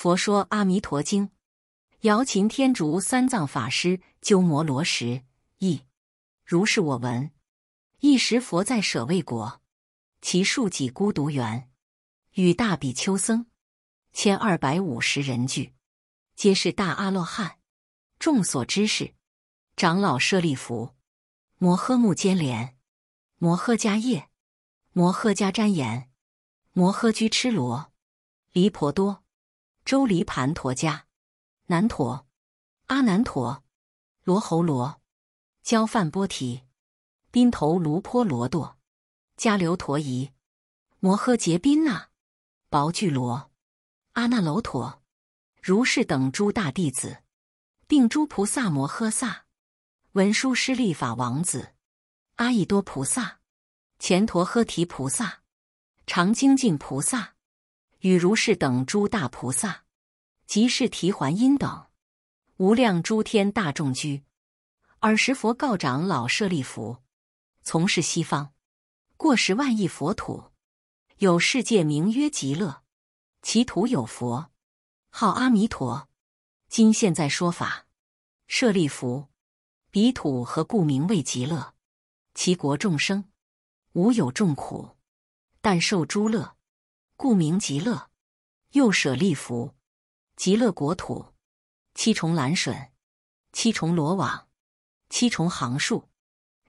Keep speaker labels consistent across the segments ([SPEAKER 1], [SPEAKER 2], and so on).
[SPEAKER 1] 佛說《阿彌陀經》，姚秦天竺三藏法師鳩摩羅什譯。如是我聞：一時，佛在舍衛國，祇樹給孤獨園，與大比丘僧千二百五十人俱，皆是大阿羅漢，眾所知識。長老舍利弗、摩訶目犍連、摩訶迦葉、摩訶迦旃延、摩訶俱絺羅、離婆多。周利槃陀伽，難陀，阿難陀，羅侯羅，憍梵波提，賓頭盧頗羅墮、迦留陀夷，摩訶劫賓那，薄拘羅，阿那樓馱，如是等諸大弟子，并諸菩薩摩訶薩，文殊師利法王子，阿逸多菩薩，乾陀訶提菩薩，常精進菩薩。與如是等諸大菩薩，及釋提桓因等，無量諸天大眾俱。爾時佛告長老舍利弗：從是西方，過十萬億佛土，有世界名曰極樂。其土有佛，號阿彌陀。今現在說法。舍利弗，彼土何故名為極樂？其國眾生，無有眾苦，但受諸樂。故名極樂。又舍利弗，極樂國土七重欄楯，七重羅網，七重行樹，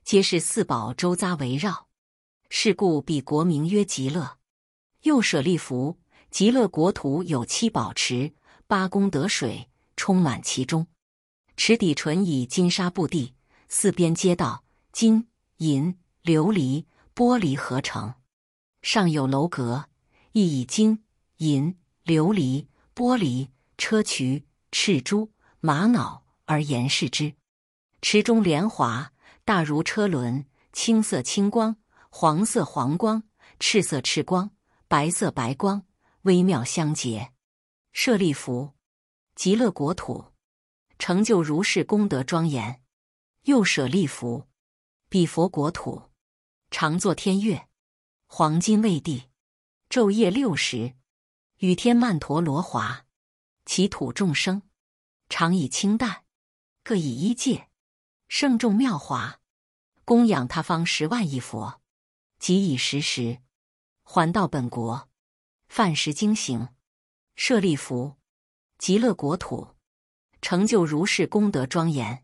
[SPEAKER 1] 皆是四寶周匝圍繞。是故彼國名曰極樂。又舍利弗，極樂國土有七寶池，八功德水充滿其中。池底純以金沙布地，四邊階道金銀琉璃玻璃合成，上有樓閣。亦以金銀琉璃玻璃硨磲赤珠瑪瑙而嚴飾之。池中蓮華大如車輪，青色青光，黃色黃光，赤色赤光，白色白光，微妙香潔。舍利弗，極樂國土成就如是功德莊嚴。又舍利弗，彼佛國土常作天樂，黃金為地。晝夜六時，雨天曼陀羅華，其土眾生，常以清旦，各以衣祴，盛眾妙華，供養他方十萬億佛，即以食時，還到本國，飯食經行。舍利弗，極樂國土，成就如是功德莊嚴。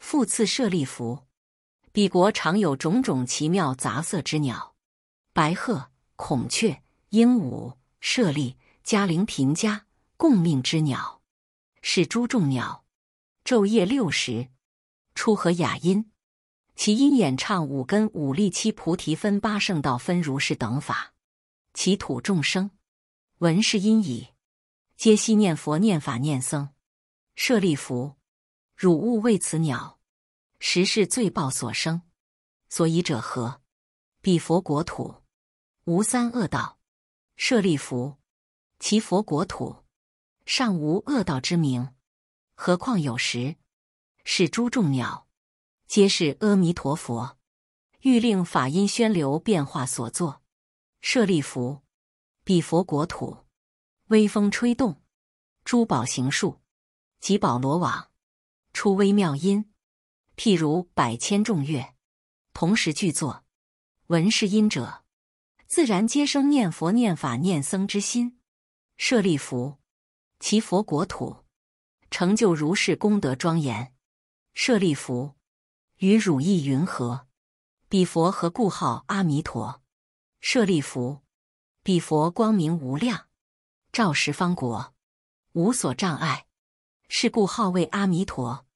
[SPEAKER 1] 復次舍利弗，彼國常有種種奇妙雜色之鳥，白鶴、孔雀。鸚鵡舍利，迦陵頻伽，共命之鳥，是諸眾鳥，晝夜六時，出和雅音，其音演暢五根、五力、七菩提分、八聖道分，如是等法，其土眾生，聞是音已，皆悉念佛、念法、念法、念僧，舍利弗，汝勿謂此鳥，實是罪報所生，所以者何？彼佛國土，無三惡道。舍利弗，其佛國土，尚無惡道之名，何況有實。是諸眾鳥，皆是阿彌陀佛，欲令法音宣流，變化所作。舍利弗，彼佛國土，微風吹動，諸寶行樹及寶羅網，出微妙音，譬如百千種樂，同時俱作，聞是音者。自然皆生念佛念法念僧之心，舍利弗，其佛國土成就如是功德莊嚴。舍利弗，於汝意云何？彼佛何故號阿彌陀？舍利弗，彼佛光明無量，照十方國，無所障礙。是故號為阿彌陀。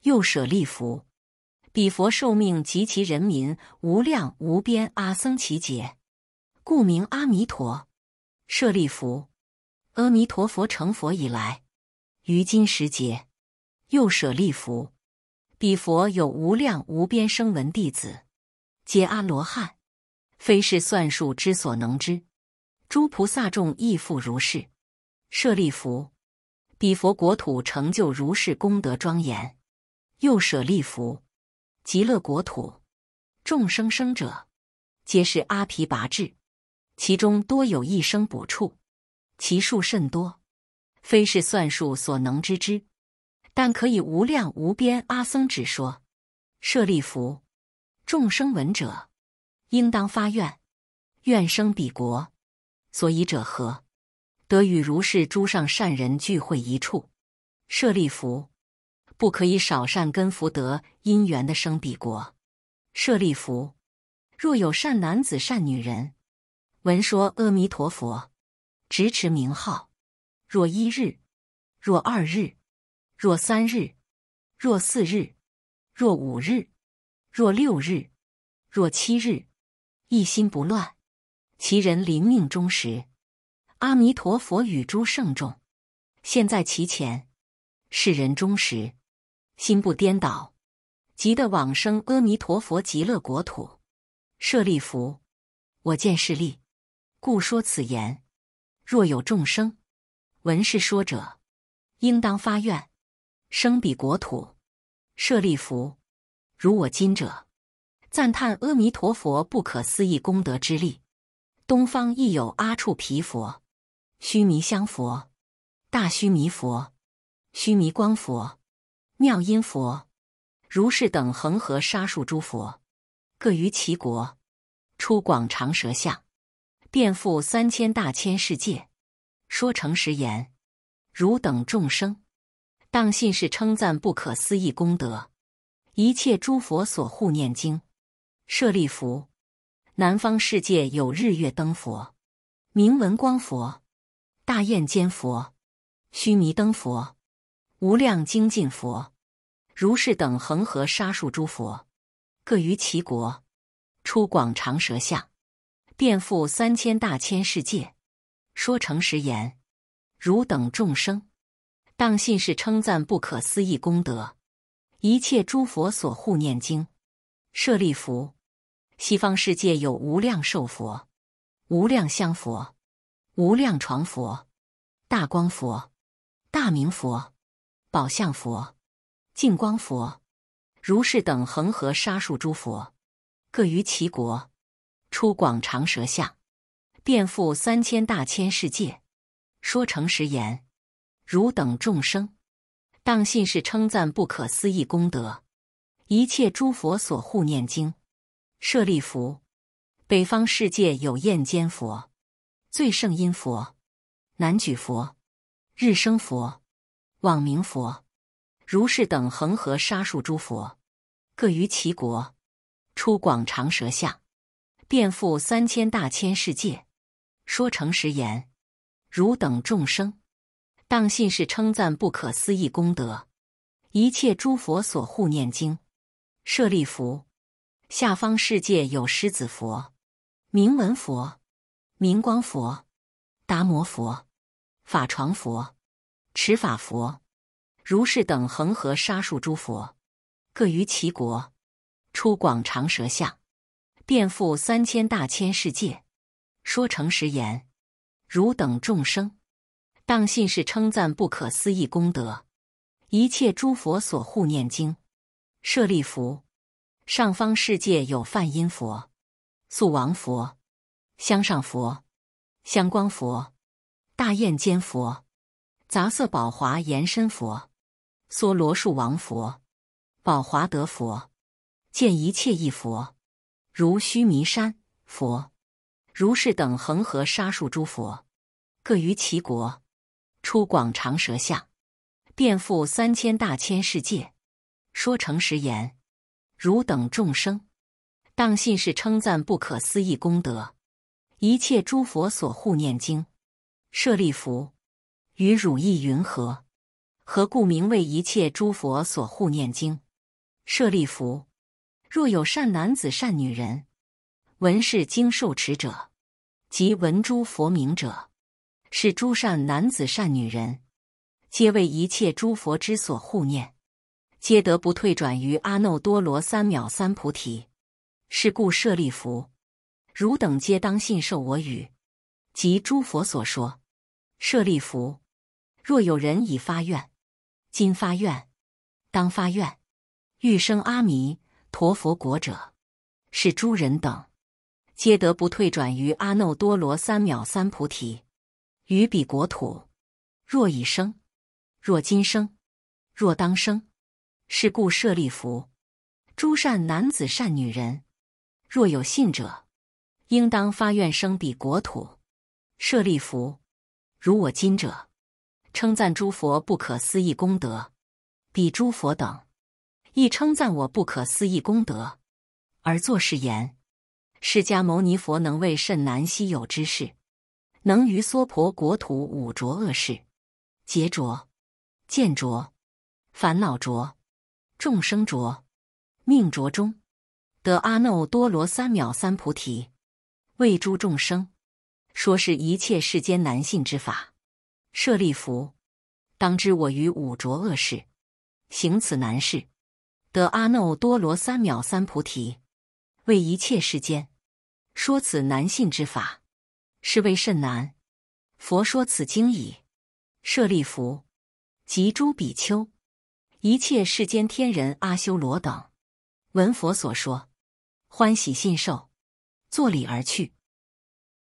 [SPEAKER 1] 又舍利弗，彼佛壽命及其人民無量無邊阿僧祇劫，故名阿彌陀，舍利弗，阿彌陀佛成佛已來，於今十劫。又舍利弗，彼佛有無量無邊聲聞弟子，皆阿羅漢，非是算數之所能知。諸菩薩眾亦復如是。舍利弗，彼佛國土成就如是功德莊嚴。又舍利弗，極樂國土眾生生者，皆是阿鞞跋致。其中多有一生補處，其數甚多，非是算數所能知之,之，但可以無量無邊。阿僧祇說，舍利弗，眾生聞者，應當發願，願生彼國。所以者何？得與如是諸上善人俱會一處。舍利弗，不可以少善根福德因緣得生彼國。舍利弗，若有善男子、善女人。聞說阿彌陀佛，執持名號，若一日，若二日，若三日，若四日，若五日，若六日，若七日，一心不亂，其人臨命終時，阿彌陀佛與諸聖眾現在其前，是人終時心不顛倒，即得往生阿彌陀佛極樂國土，舍利弗，我見是利。故說此言，若有眾生聞是說者，應當發願生彼國土，舍利弗，如我今者，讚歎阿彌陀佛不可思議功德之利。東方亦有阿閦鞞佛、須彌相佛、大須彌佛、須彌光佛、妙音佛、如是等恆河沙數諸佛，各於其國出廣長舌相。遍覆三千大千世界，說誠實言，汝等眾生當信是稱讚不可思議功德，一切諸佛所護念經，舍利弗，南方世界有日月燈佛，名聞光佛，大焰肩佛，須彌燈佛，無量精進佛，如是等恆河沙數諸佛，各於其國出廣長舌相。遍覆三千大千世界，說誠實言：汝等眾生，當信是稱讚不可思議功德，一切諸佛所護念經，舍利弗，西方世界有無量壽佛、無量相佛、無量幢佛，佛、大光佛、大明佛、寶相佛、淨光佛、如是等恆河沙數諸佛，各於其國。出廣長舌相，遍覆三千大千世界，說誠實言，汝等眾生，當信是稱讚不可思議功德，一切諸佛所護念經，舍利弗，北方世界有焰肩佛，最勝音佛，難沮佛，日生佛，網明佛，如是等恆河沙數諸佛，各於其國，出廣長舌相。遍覆三千大千世界，說誠實言：汝等眾生，當信是稱讚不可思議功德，一切諸佛所護念經。舍利弗，下方世界有師子佛、名聞佛、名光佛、達摩佛、法幢佛、持法佛，如是等恆河沙數諸佛，各於其國，出廣長舌相。遍覆三千大千世界，說誠實言：汝等眾生，當信是稱讚不可思議功德，一切諸佛所護念經。舍利弗，上方世界有梵音佛、宿王佛、香上佛、香光佛、大焰肩佛、雜色寶華嚴身佛、娑羅樹王佛、寶華德佛、見一切義佛。如須彌山佛，如是等恆河沙數諸佛，各於其國，出廣長舌相，遍覆三千大千世界，說誠實言：汝等眾生當信是稱讚不可思議功德，一切諸佛所護念經，舍利弗，於汝意云何？何故名為一切諸佛所護念經？舍利弗。若有善男子、善女人，聞是經受持者，及聞諸佛名者，是諸善男子、善女人，皆為一切諸佛之所護念，皆得不退轉於阿耨多羅三藐三菩提。是故舍利弗，汝等皆當信受我語及諸佛所說。舍利弗，若有人已發願，今發願，當發願，欲生阿彌。陀佛佛國者，是諸人等，皆得不退轉於阿耨多羅三藐三菩提。於彼國土，若已生，若今生，若當生。是故舍利弗，諸善男子、善女人，若有信者，應當發願生彼國土。舍利弗，如我今者，稱讚諸佛不可思議功德，彼諸佛等。亦稱讚我不可思議功德，而作是言：釋迦牟尼佛能為甚難希有之事，能於娑婆國土五濁惡世，劫濁、見濁、煩惱濁、眾生濁、命濁中，得阿耨多羅三藐三菩提，為諸眾生說是一切世間難信之法。舍利弗，當知我於五濁惡世行此難事。得阿耨多羅三藐三菩提，為一切世間說此難信之法，是為甚難。佛說此經已，舍利弗，及諸比丘，一切世間天人阿修羅等，聞佛所說，歡喜信受，作禮而去。